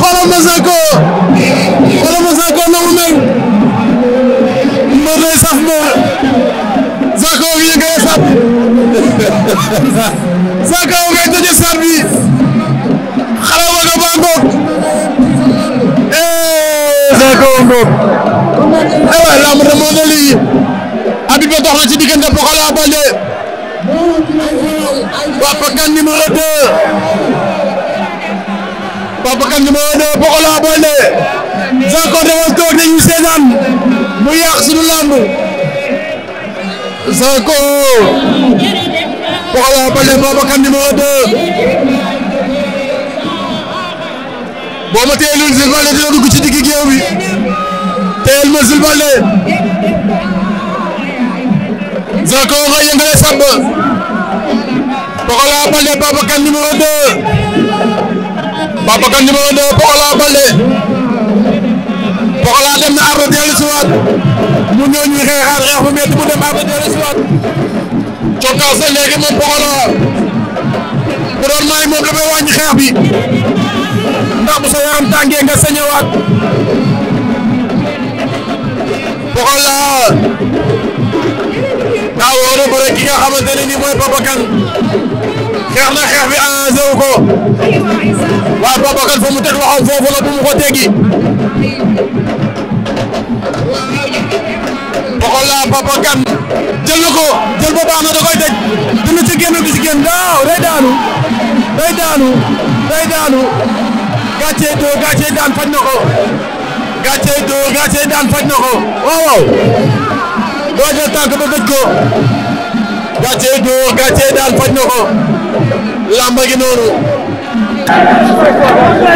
xoolal Masako xoolal Masako na mu mel mbër lay saf ma Sakho gi ngay saf Sakho ngay tëjee sar bi xale nga ba ngoog eh, Sakho ngoog eh waay làmb demoon na lii Habib ba dox na ci diggante Pokola Baldé waa Pakane numéro 2 Papa Kane numéro 2 Pokola Baldé Zarko dafa toog dañuy seetaan mu yàq suñu lamb Zarko Pokola Baldé Papa Kane numéro 2 boo ma teelul si Baldé dina dugg ci digg géew bi teel ma sul Baldé Zarko nga yëngale sàmb Pokola Baldé Papa Kane numéro 2 Babacar numéro 2 Pokola Baldé Pokola dem na ardo dellu si mu ñëw ñuy xeex bu métti mu dem ardo dellu si waat cokkaas na léegi moom Pokola bu doon may moom dafay wàññi xeex bi ndax bu sa yaram tàngee nga sañewaat Pokola daa wóor a bëre ki nga xamante ne nii mooy Babacar xeex na xeex bi arrangé wu ko waaye Babacar fa mu teg loxoom foofu la bu mu ko teggi Pokola Babacar jël na ko jël ba baax na da koy tëj dina ci génn di ci génn daaw day daanu day daanu day daanu gàccee ko gàccee daan faj na ko waaw waaw jël tànk ba tëj ko gàccee doo gàccee daan faj na ko. lamba gi noonu